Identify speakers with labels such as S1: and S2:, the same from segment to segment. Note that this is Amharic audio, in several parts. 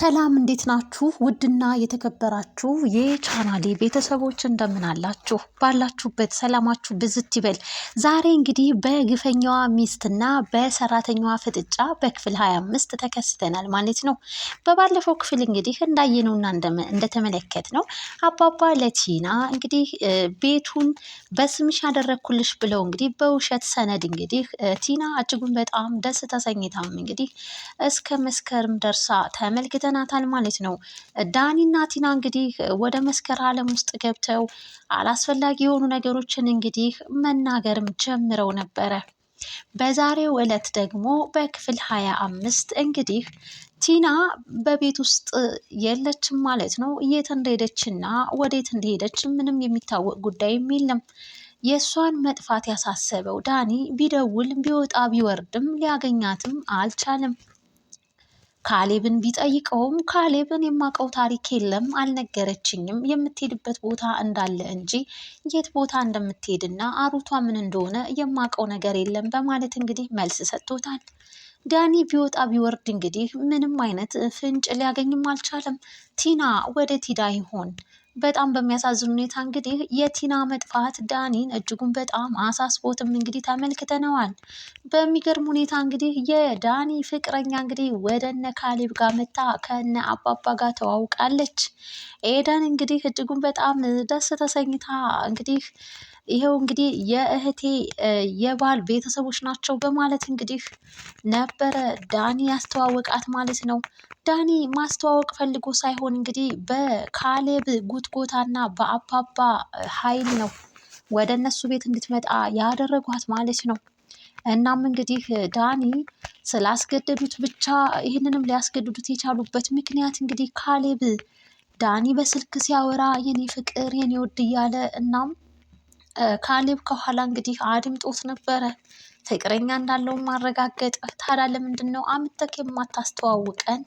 S1: ሰላም እንዴት ናችሁ? ውድና የተከበራችሁ የቻናሌ ቤተሰቦች እንደምን አላችሁ? ባላችሁበት ሰላማችሁ ብዝት ይበል። ዛሬ እንግዲህ በግፈኛዋ ሚስትና በሰራተኛዋ ፍጥጫ በክፍል አምስት ተከስተናል ማለት ነው። በባለፈው ክፍል እንግዲህ እንዳየነውና እንደተመለከት ነው አባባ ለቲና እንግዲህ ቤቱን በስምሽ ያደረግኩልሽ ብለው እንግዲህ በውሸት ሰነድ እንግዲህ ቲና እጅጉን በጣም ደስ ተሰኝታም እንግዲህ እስከ መስከርም ደርሳ ተመልክተ ይዘናታል ማለት ነው። ዳኒና ቲና እንግዲህ ወደ መስከረ ዓለም ውስጥ ገብተው አላስፈላጊ የሆኑ ነገሮችን እንግዲህ መናገርም ጀምረው ነበረ። በዛሬው ዕለት ደግሞ በክፍል ሀያ አምስት እንግዲህ ቲና በቤት ውስጥ የለችም ማለት ነው። የት እና ወዴት እንደሄደች ምንም የሚታወቅ ጉዳይም የለም። የእሷን መጥፋት ያሳሰበው ዳኒ ቢደውል ቢወጣ ቢወርድም ሊያገኛትም አልቻለም። ካሌብን ቢጠይቀውም ካሌብን የማውቀው ታሪክ የለም አልነገረችኝም፣ የምትሄድበት ቦታ እንዳለ እንጂ የት ቦታ እንደምትሄድና አሩቷ ምን እንደሆነ የማውቀው ነገር የለም በማለት እንግዲህ መልስ ሰጥቶታል። ዳኒ ቢወጣ ቢወርድ እንግዲህ ምንም አይነት ፍንጭ ሊያገኝም አልቻለም። ቲና ወደ ቲዳ ይሆን በጣም በሚያሳዝን ሁኔታ እንግዲህ የቲና መጥፋት ዳኒን እጅጉን በጣም አሳስቦትም እንግዲህ ተመልክተነዋል። በሚገርም ሁኔታ እንግዲህ የዳኒ ፍቅረኛ እንግዲህ ወደነ ካሌብ ጋር መታ ከነ አባባ ጋር ተዋውቃለች። ኤደን እንግዲህ እጅጉን በጣም ደስ ተሰኝታ እንግዲህ ይኸው እንግዲህ የእህቴ የባል ቤተሰቦች ናቸው በማለት እንግዲህ ነበረ ዳኒ ያስተዋወቃት ማለት ነው። ዳኒ ማስተዋወቅ ፈልጎ ሳይሆን እንግዲህ በካሌብ ጉትጎታና በአባባ ኃይል ነው ወደ እነሱ ቤት እንድትመጣ ያደረጓት ማለት ነው። እናም እንግዲህ ዳኒ ስላስገደዱት ብቻ ይህንንም ሊያስገድዱት የቻሉበት ምክንያት እንግዲህ ካሌብ ዳኒ በስልክ ሲያወራ የኔ ፍቅር የኔ ውድ እያለ እናም ካሌብ ከኋላ እንግዲህ አድምጦት ነበረ። ፍቅረኛ እንዳለው ማረጋገጥ። ታዲያ ለምንድን ነው አምተክ የማታስተዋውቀን?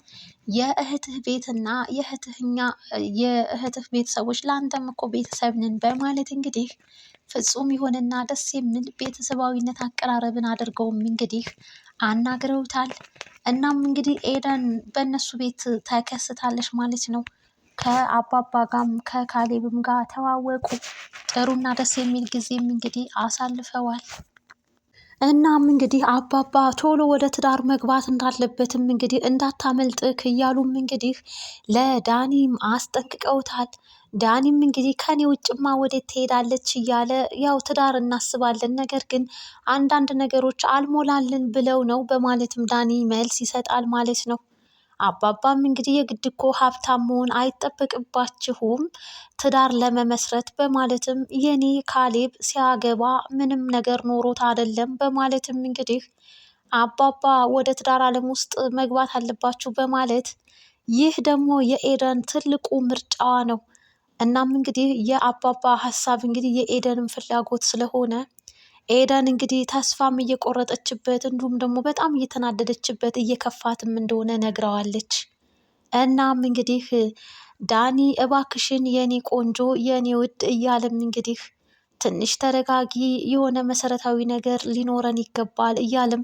S1: የእህትህ ቤትና የእህትህኛ የእህትህ ቤተሰቦች ለአንተም እኮ ቤተሰብ ነን በማለት እንግዲህ ፍጹም የሆነና ደስ የሚል ቤተሰባዊነት አቀራረብን አድርገውም እንግዲህ አናግረውታል። እናም እንግዲህ ኤደን በእነሱ ቤት ተከስታለች ማለት ነው። ከአባባ ጋም ከካሌብም ጋር ተዋወቁ። ጥሩና ደስ የሚል ጊዜም እንግዲህ አሳልፈዋል። እናም እንግዲህ አባባ ቶሎ ወደ ትዳር መግባት እንዳለበትም እንግዲህ እንዳታመልጥክ እያሉም እንግዲህ ለዳኒም አስጠንቅቀውታል። ዳኒም እንግዲህ ከኔ ውጭማ ወዴት ትሄዳለች እያለ ያው ትዳር እናስባለን፣ ነገር ግን አንዳንድ ነገሮች አልሞላልን ብለው ነው በማለትም ዳኒ መልስ ይሰጣል ማለት ነው። አባባም እንግዲህ የግድ እኮ ሀብታም መሆን አይጠበቅባችሁም ትዳር ለመመስረት በማለትም የኔ ካሌብ ሲያገባ ምንም ነገር ኖሮት አይደለም በማለትም እንግዲህ አባባ ወደ ትዳር ዓለም ውስጥ መግባት አለባችሁ በማለት ይህ ደግሞ የኤደን ትልቁ ምርጫዋ ነው። እናም እንግዲህ የአባባ ሀሳብ እንግዲህ የኤደንን ፍላጎት ስለሆነ ኤደን እንግዲህ ተስፋም እየቆረጠችበት እንዲሁም ደግሞ በጣም እየተናደደችበት እየከፋትም እንደሆነ ነግረዋለች። እናም እንግዲህ ዳኒ እባክሽን የኔ ቆንጆ የኔ ውድ እያለም እንግዲህ ትንሽ ተረጋጊ፣ የሆነ መሰረታዊ ነገር ሊኖረን ይገባል እያለም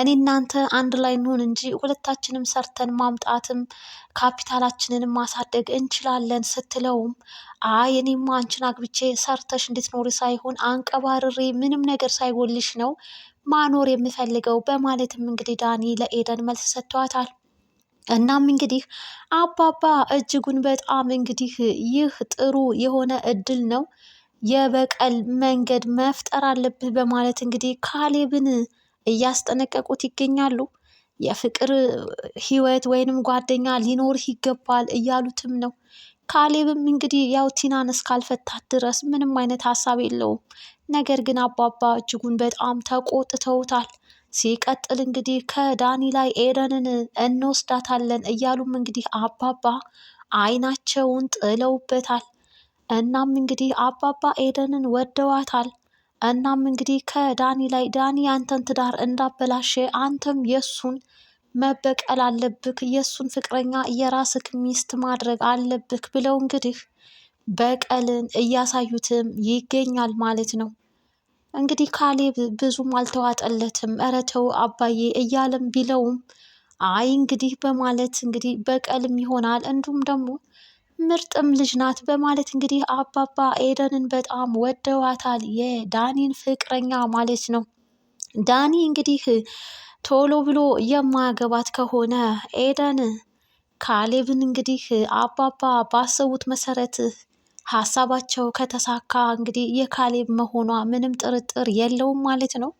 S1: እኔ እናንተ አንድ ላይ እንሁን እንጂ ሁለታችንም ሰርተን ማምጣትም ካፒታላችንን ማሳደግ እንችላለን ስትለውም አይ እኔማ አንቺን አግብቼ ሰርተሽ እንድትኖሪ ሳይሆን አንቀባርሬ ምንም ነገር ሳይጎልሽ ነው ማኖር የምፈልገው በማለትም እንግዲህ ዳኒ ለኤደን መልስ ሰጥቷታል። እናም እንግዲህ አባባ እጅጉን በጣም እንግዲህ ይህ ጥሩ የሆነ እድል ነው የበቀል መንገድ መፍጠር አለብህ በማለት እንግዲህ ካሌብን እያስጠነቀቁት ይገኛሉ። የፍቅር ህይወት ወይንም ጓደኛ ሊኖርህ ይገባል እያሉትም ነው። ካሌብም እንግዲህ ያው ቲናን እስካልፈታት ድረስ ምንም አይነት ሀሳብ የለውም። ነገር ግን አባባ እጅጉን በጣም ተቆጥተውታል። ሲቀጥል እንግዲህ ከዳኒ ላይ ኤደንን እንወስዳታለን እያሉም እንግዲህ አባባ አይናቸውን ጥለውበታል። እናም እንግዲህ አባባ ኤደንን ወደዋታል። እናም እንግዲህ ከዳኒ ላይ ዳኒ አንተን ትዳር እንዳበላሸ አንተም የሱን መበቀል አለብክ፣ የሱን ፍቅረኛ የራስክ ሚስት ማድረግ አለብክ ብለው እንግዲህ በቀልን እያሳዩትም ይገኛል ማለት ነው። እንግዲህ ካሌብ ብዙም አልተዋጠለትም። ረተው ተው አባዬ እያለም ቢለውም አይ እንግዲህ በማለት እንግዲህ በቀልም ይሆናል እንዲሁም ደግሞ ምርጥም ልጅ ናት በማለት እንግዲህ አባባ ኤደንን በጣም ወደዋታል። የዳኒን ፍቅረኛ ማለት ነው። ዳኒ እንግዲህ ቶሎ ብሎ የማያገባት ከሆነ ኤደን ካሌብን እንግዲህ አባባ ባሰቡት መሰረት ሀሳባቸው ከተሳካ እንግዲህ የካሌብ መሆኗ ምንም ጥርጥር የለውም ማለት ነው።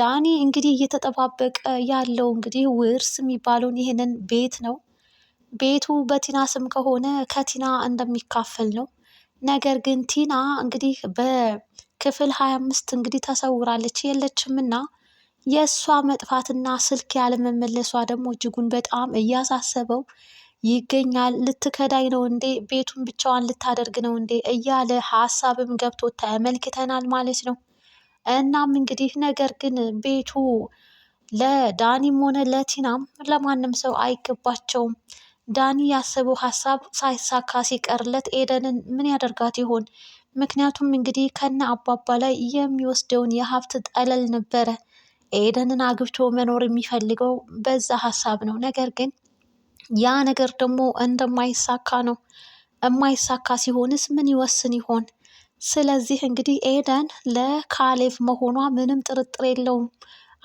S1: ዳኒ እንግዲህ እየተጠባበቀ ያለው እንግዲህ ውርስ የሚባለውን ይህንን ቤት ነው። ቤቱ በቲና ስም ከሆነ ከቲና እንደሚካፈል ነው። ነገር ግን ቲና እንግዲህ በክፍል ሀያ አምስት እንግዲህ ተሰውራለች የለችም እና የእሷ መጥፋትና ስልክ ያለመመለሷ ደግሞ እጅጉን በጣም እያሳሰበው ይገኛል። ልትከዳኝ ነው እንዴ? ቤቱን ብቻዋን ልታደርግ ነው እንዴ? እያለ ሀሳብም ገብቶ ተመልክተናል ማለት ነው። እናም እንግዲህ ነገር ግን ቤቱ ለዳኒም ሆነ ለቲናም ለማንም ሰው አይገባቸውም። ዳኒ ያሰበው ሀሳብ ሳይሳካ ሲቀርለት ኤደንን ምን ያደርጋት ይሆን? ምክንያቱም እንግዲህ ከነ አባባ ላይ የሚወስደውን የሀብት ጠለል ነበረ። ኤደንን አግብቶ መኖር የሚፈልገው በዛ ሀሳብ ነው። ነገር ግን ያ ነገር ደግሞ እንደማይሳካ ነው። የማይሳካ ሲሆንስ ምን ይወስን ይሆን? ስለዚህ እንግዲህ ኤደን ለካሌቭ መሆኗ ምንም ጥርጥር የለውም።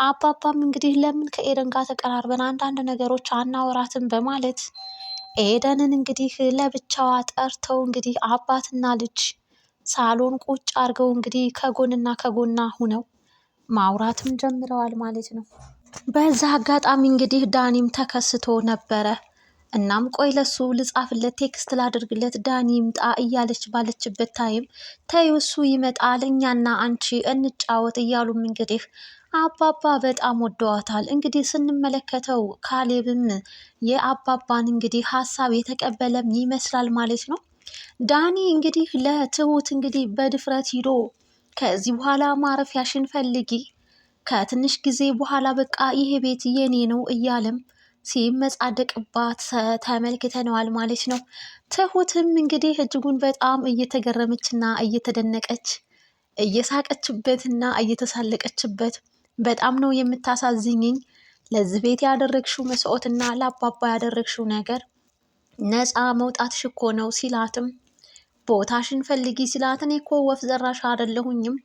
S1: አባባም እንግዲህ ለምን ከኤደን ጋር ተቀራርበን አንዳንድ ነገሮች አናወራትም በማለት ኤደንን እንግዲህ ለብቻዋ ጠርተው እንግዲህ አባትና ልጅ ሳሎን ቁጭ አድርገው እንግዲህ ከጎንና ከጎና ሁነው ማውራትም ጀምረዋል ማለት ነው። በዛ አጋጣሚ እንግዲህ ዳኒም ተከስቶ ነበረ። እናም ቆይ ለሱ ልጻፍለት ቴክስት ላድርግለት ዳኒ ይምጣ እያለች ባለችበት ታይም ተይው እሱ ይመጣል እኛና አንቺ እንጫወት እያሉም እንግዲህ አባባ በጣም ወደዋታል። እንግዲህ ስንመለከተው ካሌብም የአባባን እንግዲህ ሀሳብ የተቀበለም ይመስላል ማለት ነው። ዳኒ እንግዲህ ለትሁት እንግዲህ በድፍረት ሂዶ ከዚህ በኋላ ማረፊያሽን ፈልጊ፣ ከትንሽ ጊዜ በኋላ በቃ ይሄ ቤት የኔ ነው እያለም ሲመጻደቅባት ተመልክተነዋል ማለት ነው። ትሁትም እንግዲህ እጅጉን በጣም እየተገረመችና እየተደነቀች እየሳቀችበትና እየተሳለቀችበት በጣም ነው የምታሳዝኝኝ። ለዚህ ቤት ያደረግሽው መስዋዕትና ለአባባ ያደረግሽው ነገር ነፃ መውጣትሽ እኮ ነው ሲላትም ቦታሽን ፈልጊ ሲላት እኔ እኮ ወፍ ዘራሽ አይደለሁኝም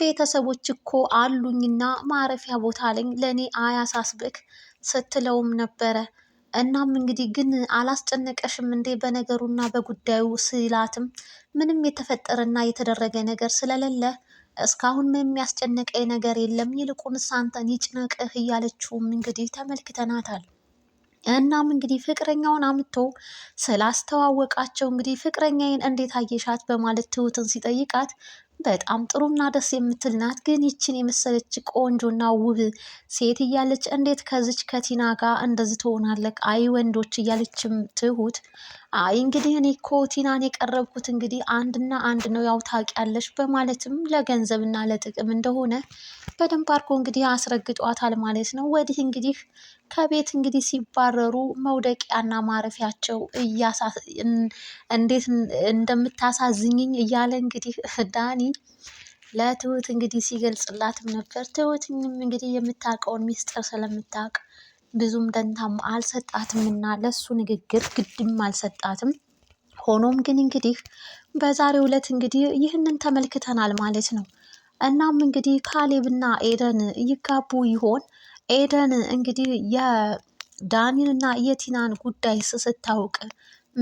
S1: ቤተሰቦች እኮ አሉኝና ማረፊያ ቦታ አለኝ ለእኔ አያሳስብክ ስትለውም ነበረ። እናም እንግዲህ ግን አላስጨነቀሽም እንዴ በነገሩና በጉዳዩ ሲላትም ምንም የተፈጠረና የተደረገ ነገር ስለሌለ እስካሁን ምንም የሚያስጨንቀኝ ነገር የለም ይልቁንስ አንተን ይጭነቅህ እያለችውም እንግዲህ ተመልክተናታል። እናም እንግዲህ ፍቅረኛውን አምቶ ስላስተዋወቃቸው እንግዲህ ፍቅረኛዬን እንዴት አየሻት በማለት ትሁትን ሲጠይቃት በጣም ጥሩና ደስ የምትል ናት። ግን ይችን የመሰለች ቆንጆና ውብ ሴት እያለች እንዴት ከዚች ከቲና ጋር እንደዚህ ትሆናለህ? አይ ወንዶች እያለችም ትሁት አይ እንግዲህ እኔ እኮ ቲናን የቀረብኩት እንግዲህ አንድና አንድ ነው ያው ታውቂያለሽ፣ በማለትም ለገንዘብና ለጥቅም እንደሆነ በደንብ አድርጎ እንግዲህ አስረግጧታል ማለት ነው። ወዲህ እንግዲህ ከቤት እንግዲህ ሲባረሩ መውደቂያና ማረፊያቸው እንዴት እንደምታሳዝኝኝ እያለ እንግዲህ ዳኒ ለትሁት እንግዲህ ሲገልጽላትም ነበር። ትሁትም እንግዲህ የምታውቀውን ሚስጥር ስለምታውቅ ብዙም ደንታም አልሰጣትም እና ለሱ ንግግር ግድም አልሰጣትም። ሆኖም ግን እንግዲህ በዛሬው ዕለት እንግዲህ ይህንን ተመልክተናል ማለት ነው። እናም እንግዲህ ካሌብና ኤደን ይጋቡ ይሆን? ኤደን እንግዲህ የዳኒን እና የቲናን ጉዳይ ስስታውቅ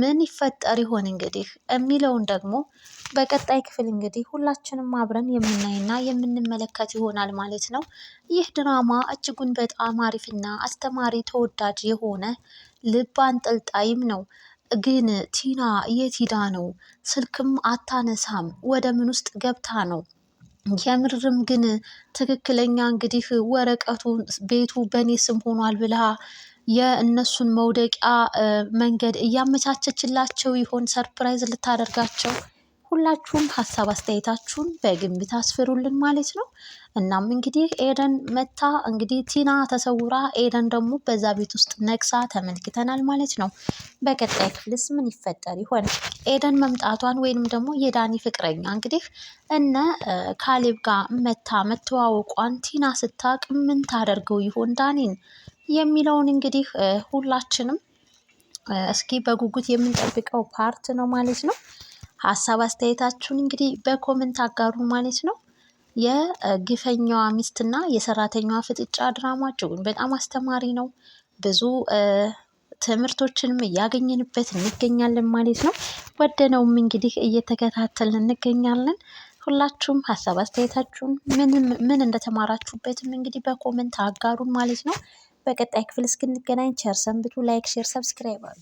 S1: ምን ይፈጠር ይሆን እንግዲህ የሚለውን ደግሞ በቀጣይ ክፍል እንግዲህ ሁላችንም አብረን የምናይና የምንመለከት ይሆናል ማለት ነው። ይህ ድራማ እጅጉን በጣም አሪፍና አስተማሪ ተወዳጅ የሆነ ልብ አንጠልጣይም ነው። ግን ቲና የት ነው? ስልክም አታነሳም። ወደ ምን ውስጥ ገብታ ነው የምድርም ግን ትክክለኛ እንግዲህ ወረቀቱ ቤቱ በእኔ ስም ሆኗል ብላ የእነሱን መውደቂያ መንገድ እያመቻቸችላቸው ይሆን ሰርፕራይዝ ልታደርጋቸው ሁላችሁም ሀሳብ አስተያየታችሁን በግምት አስፍሩልን ማለት ነው። እናም እንግዲህ ኤደን መታ እንግዲህ ቲና ተሰውራ ኤደን ደግሞ በዛ ቤት ውስጥ ነግሳ ተመልክተናል ማለት ነው። በቀጣይ ክፍልስ ምን ይፈጠር ይሆን? ኤደን መምጣቷን ወይንም ደግሞ የዳኒ ፍቅረኛ እንግዲህ እነ ካሌብ ጋር መታ መተዋወቋን ቲና ስታቅ ምን ታደርገው ይሆን ዳኒን የሚለውን እንግዲህ ሁላችንም እስኪ በጉጉት የምንጠብቀው ፓርት ነው ማለት ነው። ሀሳብ አስተያየታችሁን እንግዲህ በኮመንት አጋሩ ማለት ነው። የግፈኛዋ ሚስትና የሰራተኛዋ ፍጥጫ ድራማ እጅጉን በጣም አስተማሪ ነው። ብዙ ትምህርቶችንም እያገኘንበት እንገኛለን ማለት ነው። ወደነውም እንግዲህ እየተከታተልን እንገኛለን። ሁላችሁም ሀሳብ አስተያየታችሁን ምን እንደተማራችሁበትም እንግዲህ በኮመንት አጋሩን ማለት ነው። በቀጣይ ክፍል እስክንገናኝ ቸር ሰንብቱ። ላይክ፣ ሼር፣ ሰብስክራይብ አሉ